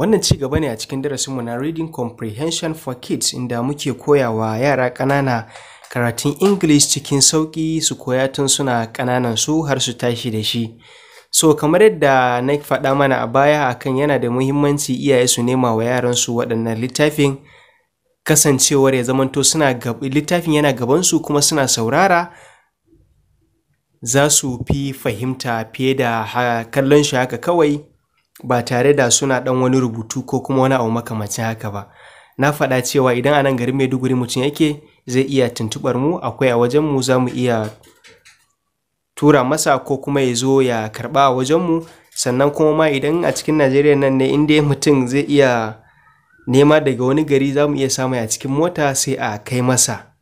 Wannan ci gaba ne a cikin darasinmu na Reading Comprehension for Kids inda muke koya wa yara ƙanana karatun English cikin sauƙi su koya tun suna ƙananan su har su tashi da shi. So kamar yadda na faɗa mana a baya akan yana da muhimmanci iyaye su nema wa yaransu waɗannan littafin kasancewar ya zamanto suna littafin yana su kuma suna saurara za su fi fahimta fiye da kallon shi haka kawai ba tare da suna ɗan wani rubutu ko kuma wani abu makamancin haka ba na faɗa cewa idan a nan garin maiduguri mutum yake zai iya tuntuɓar mu akwai a wajen mu za mu iya tura masa ko kuma ya zo ya karɓa a wajen mu sannan kuma ma idan a cikin najeriya nan ne inda mutum zai iya nema daga wani gari za mu iya samu a cikin mota sai a kai masa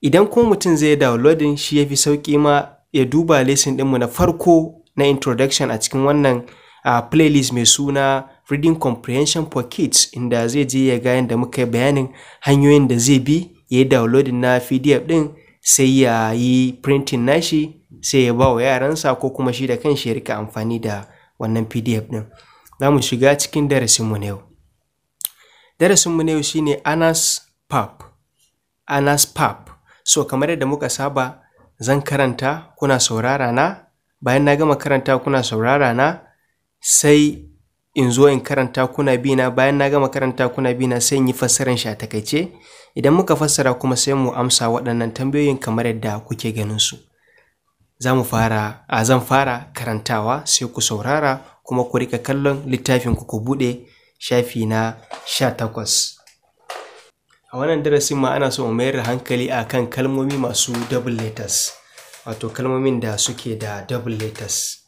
idan kuma mutum zai downloadin shi ya fi sauƙi ma ya duba lesson ɗinmu na farko na introduction a cikin wannan a playlist mai suna reading comprehension for kids inda zai je ya ga da muka yi bayanin hanyoyin da zai bi ya yi downloading na pdf din sai ya yi printing nashi sai ya ba wa yaransa ko kuma shi da shi ya rika amfani da wannan pdf din za mu shiga cikin darasin mu yau darasin mu yau shine anas pap anas pap so kamar yadda muka saba zan karanta kuna saurara na bayan na gama karanta kuna saurara na sai in zo in karanta kuna bina bayan na gama karanta kuna bina sai in yi fassarar shi a takaice idan muka fassara kuma sai mu amsa waɗannan tambayoyin kamar yadda kuke ganin su za mu fara a zan fara karantawa sai ku saurara kuma ku rika kallon littafin ku ku buɗe shafi na sha takwas a wannan darasin ma ana so mu mayar da hankali a kan kalmomi masu double letters wato kalmomin da suke da double letters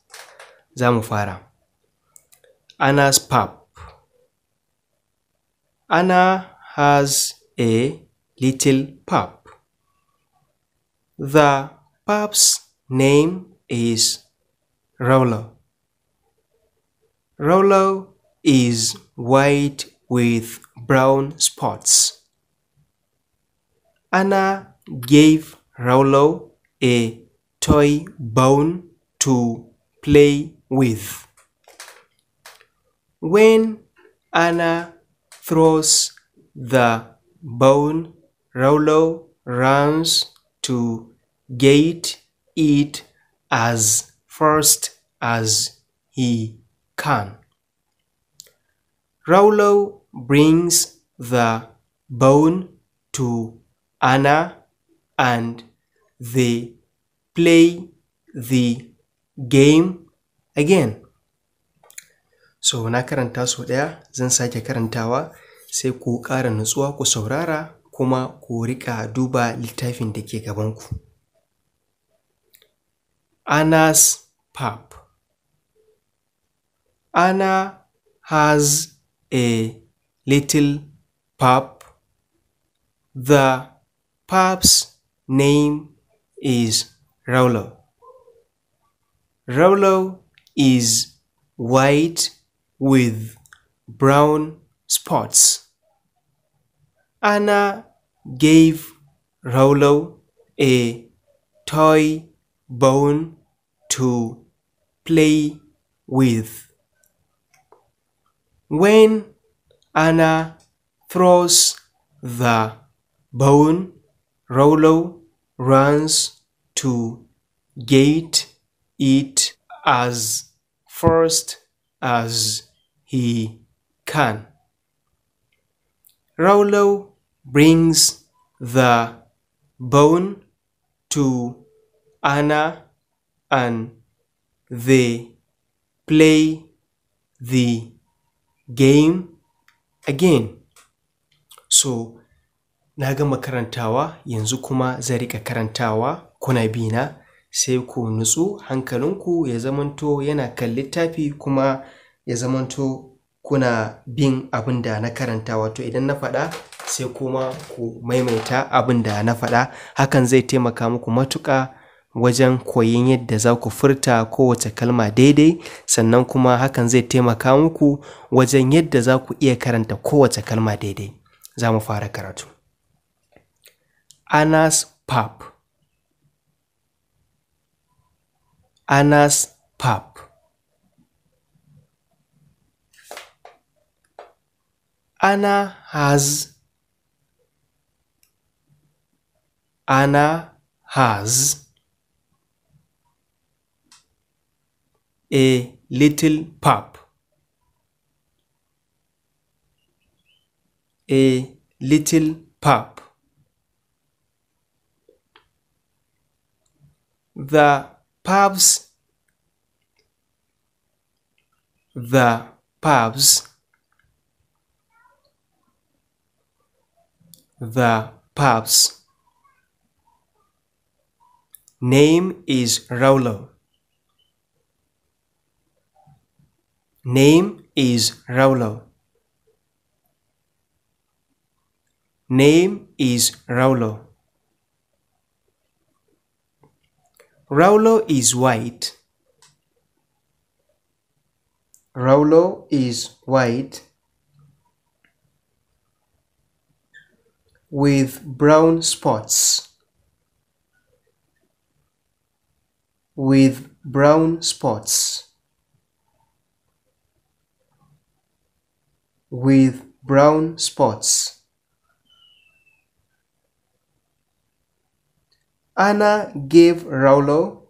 za mu fara Anna's pup. Anna has a little pup. The pup's name is Rollo. Rollo is white with brown spots. Anna gave Rollo a toy bone to play with when Anna throws the bone, Rollo runs to get it as fast as he can. Rollo brings the bone to Anna and they play the game again so na karanta sau ɗaya zan sake karantawa sai ku ƙara nutsuwa ku saurara kuma ku riƙa duba littafin da ke gabanku Anas pap anna has a little pup the pup's name is Rollo. Rollo is white with brown spots. Anna gave Rollo a toy bone to play with. When Anna throws the bone, Rollo runs to get it as first as he can. Raulo brings the bone to Anna and they play the game again. So, na makarantawa, makarantawa yanzu kuma zai karantawa kuna bina sai ku nutsu hankalinku ya zamanto yana kan littafi kuma ya zamanto kuna bin abin da na karanta wato idan na faɗa sai kuma ku maimaita abin da na faɗa hakan zai taimaka muku matuƙa wajen koyin yadda za ku furta kowace kalma daidai sannan kuma hakan zai taimaka muku wajen yadda za ku iya karanta kowace kalma daidai za mu fara karatu anas pap anas pap Anna has Anna has a little pup. A little pup. The pups. the pups. the pubs. Name is Rolo. Name is Rolo. Name is Rolo. Rolo is white. Rolo is white. with brown spots with brown spots with brown spots Anna gave Raulo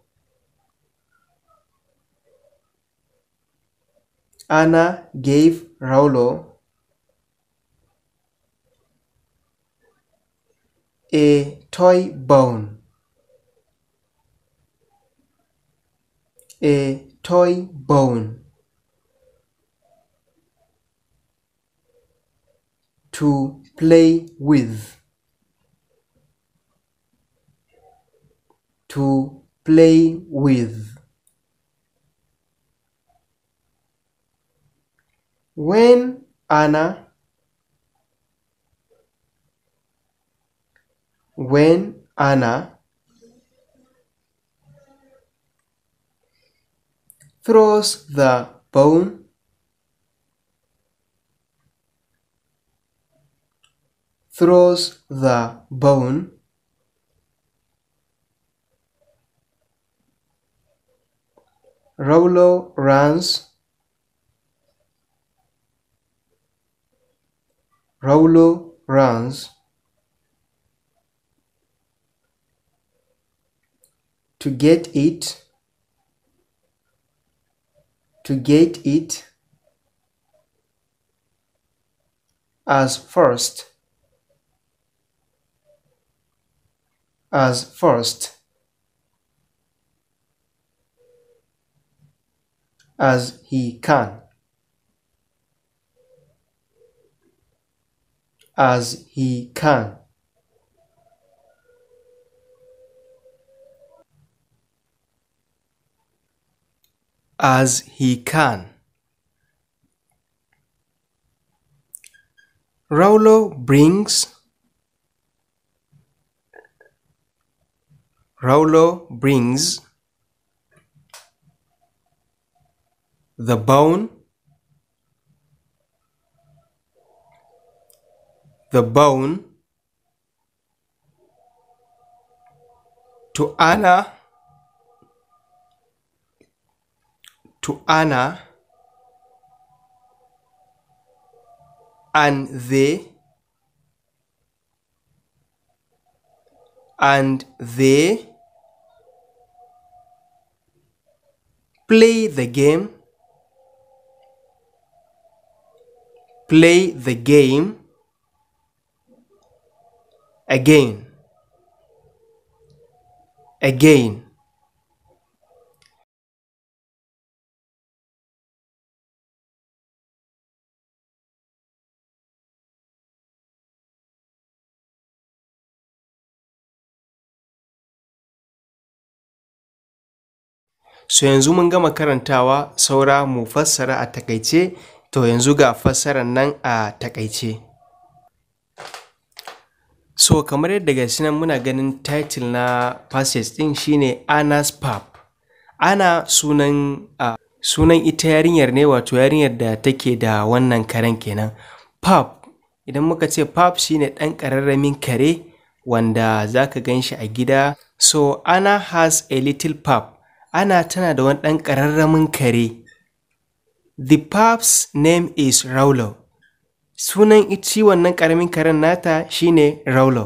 Anna gave Raulo a toy bone a toy bone to play with to play with when Anna When Anna throws the bone, throws the bone, Rollo runs. Rollo runs. to get it to get it as first as first as he can as he can as he can. Raulo brings Raulo brings the bone the bone to Anna to honor and they and they play the game play the game again again so yanzu mun gama karantawa saura mu fassara a takaice to yanzu ga fassarar nan a takaice so kamar yadda ga nan muna ganin title na passage din shine Anna's Pap. ana sunan a. sunan ita yarinyar ne wato yarinyar da take da wannan karen kenan pap idan muka ce pap shine ɗan ƙararramin kare wanda zaka gan shi a gida so ana has a little pap Ana tana da wani ɗan ƙararramin kare. The pups name is raulo Sunan ici wannan ƙaramin karen nata shine raulo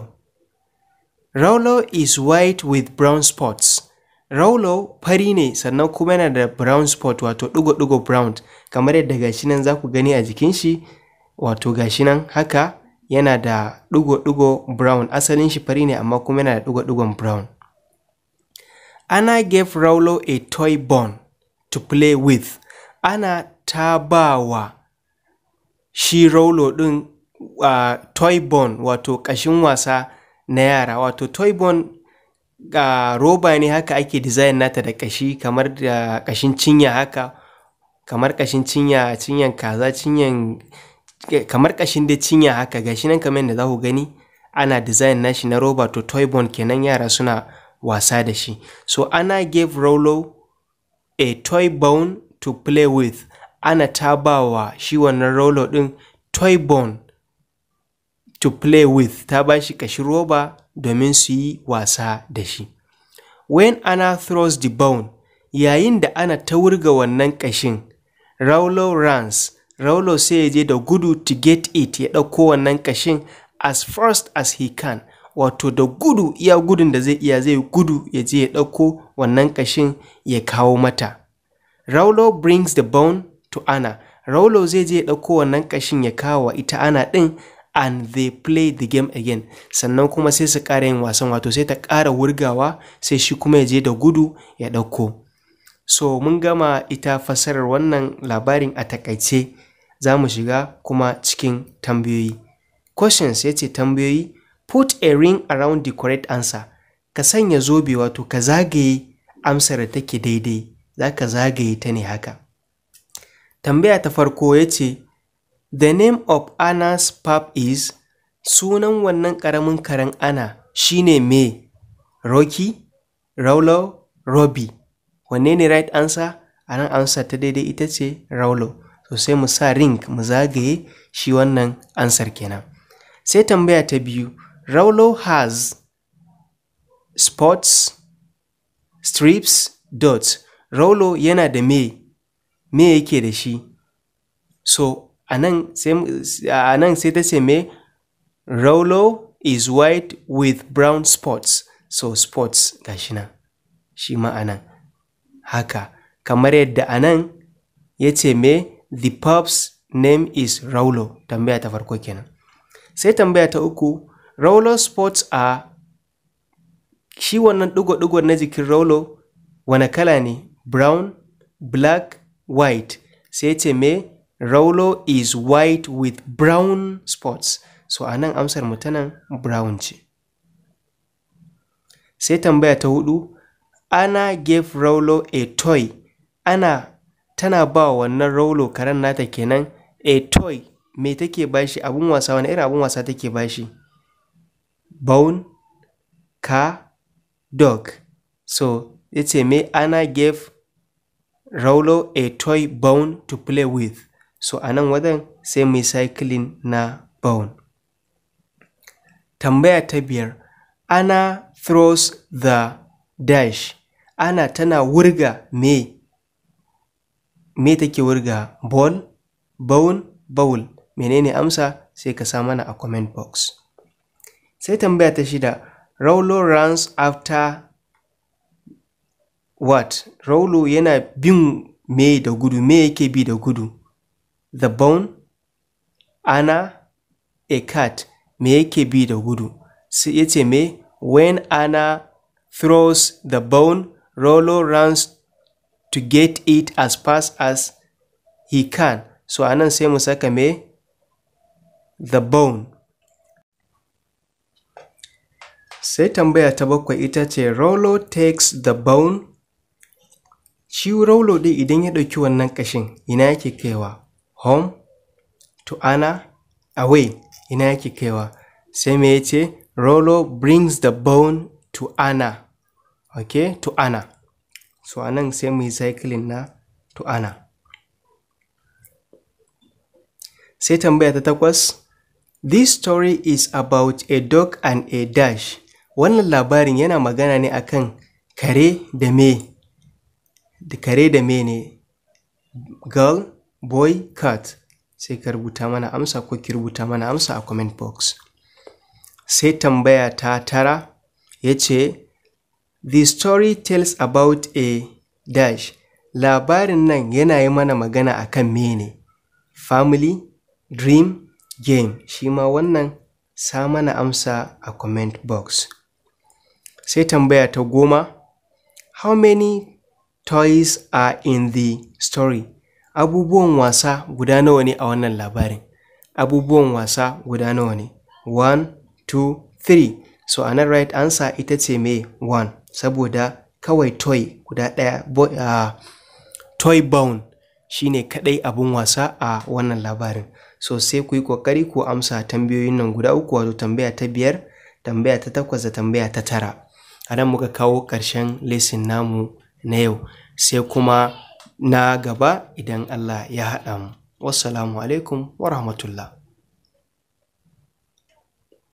raulo is white with brown spots. raulo fari ne sannan kuma yana da brown spot wato ɗigo-ɗigo brown kamar yadda gashi nan za ku gani a jikin shi wato gashi nan haka yana da ɗigo-ɗigo brown asalin shi fari ne amma kuma yana da ɗigo-ɗigon brown. ana gave Raulo a toy bone to play with. Ana ta ba wa shi Raulo ɗin uh, toy bone wato ƙashin wasa na yara. Wato toy bone uh, roba ne haka ake design nata da ƙashi kamar da uh, ƙashin cinya haka kamar ƙashin cinya cinyan kaza cinyan kamar ƙashin da cinya haka gashi nan kamar da za ku gani ana design nashi na roba to toy bone kenan yara suna wasa da shi. So ana gave Rollo a toy bone to play with. Ana ta ba shi wannan Rollo ɗin toy bone to play with ta ba shi kashi roba domin su yi wasa da shi. When ana throws the bone, yayin da ana ta wurga wannan kashin Rollo runs, Rollo sai ya je da gudu to get it ya ɗauko wannan kashin as fast as he can. wato da gudu iya gudun da zai iya zai gudu ya je ya ɗauko wannan ƙashin ya kawo mata Raulo brings the bone to Anna Raulo zai je ya ɗauko wannan ƙashin ya kawo wa ita ana ɗin and they play the game again sannan kuma sai su ƙara yin wasan wato sai ta ƙara wurgawa sai shi kuma ya je da gudu ya ɗauko so mun gama ita fasarar wannan labarin a takaice za mu shiga kuma cikin tambayoyi questions ya ce tambayoyi Put a ring around the correct answer. Ka sanya zobe wato ka zagaye amsar da take daidai, za ka zagaye ta ne haka. Tambaya ta farko ya ce, The name of Anna's pub is sunan wannan karamin karen ana shine me? Rocky, Raulo, Robbie. Wanne ne right answer? A nan amsar ta daidai ita ce Raulo. So sai mu sa ring mu zagaye shi wannan ansar kenan. Sai tambaya ta biyu, Raulo has spots, strips, dots. Raulo yana da me, me yake da shi. So, a nan sai ta ce me, Raulo is white with brown spots. So, spots shi nan, shi ma'ana Haka, kamar yadda a nan ya ce me, the pub's name is Raulo, tambaya ta farko kenan. Sai tambaya ta uku, roller sports a shi wannan ɗigo-ɗigon na jikin rolo wane kala ne brown black white sai ce me rolo is white with brown spots so a nan amsar mu nan brown ce sai tambaya ta hudu ana gave rolo a toy ana tana ba wannan rolo karen nata kenan a toy me take bashi abun wasa wani irin abun wasa take bashi Bone Car Dog so it's a May ana gave Rowley a toy bone to play with, so anan nan wajen sai mu cycling na bone. Tambaya ta biyar ana throws the dash. ana tana wurga me. Me take wurga? Ball, bone, bowl. Menene amsa sai ka sa mana a comment box. Sai tambaya ta shida, Raulo runs after what? Raulo yana bin me da gudu, me yake bi da gudu? The bone, Anna, a cat, me yake bi da gudu? Sai ya ce me? When ana throws the bone, raulo runs to get it as fast as he can. So anan sai mu saka me? The bone. Sai tambaya ta bakwai ita ce rolo takes the bone. Shi rolo ɗin idan ya ɗauki wannan ƙashin ina yake kaiwa? Home? To Ana, Away? Ina yake kaiwa? Sai me ya ce Rollo brings the bone to Ana. Okay? To Ana. So anan sai mu cycling na to Ana. Sai tambaya ta takwas. This story is about a dog and a dash. wannan labarin yana magana ne akan kare da me da kare da me ne girl boy cat sai ka rubuta mana amsa ko ki rubuta mana amsa a comment box sai tambaya ta tara ya ce the story tells about a dash labarin nan yana yi mana magana akan mene family dream game shi ma wannan sa mana amsa a comment box Sai tambaya ta goma, how many toys are in the story? Abubuwan wasa guda nawa ne a wannan labarin? Abubuwan wasa guda nawa ne? One, two, three. So, anan right answer ita ce me one, saboda kawai toy guda ɗaya, uh, toy bone shine ne kaɗai abun wasa a wannan labarin. So, sai ku yi ƙoƙari ku amsa tambayoyin nan guda uku wato tambaya ta biyar, tambaya ta takwas da tambaya ta tara. a nan muka kawo ƙarshen lesson namu na yau sai kuma na gaba idan Allah ya haɗa mu wassalamu alaikum wa rahmatullah